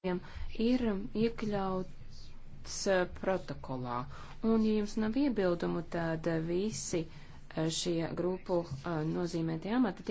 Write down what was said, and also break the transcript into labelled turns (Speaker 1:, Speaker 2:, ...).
Speaker 1: jautājumiem ir
Speaker 2: iekļauts
Speaker 1: e, protokolā.
Speaker 2: Un, ja jums nav iebildumu, tad visi e, šie grupu e, nozīmētie amati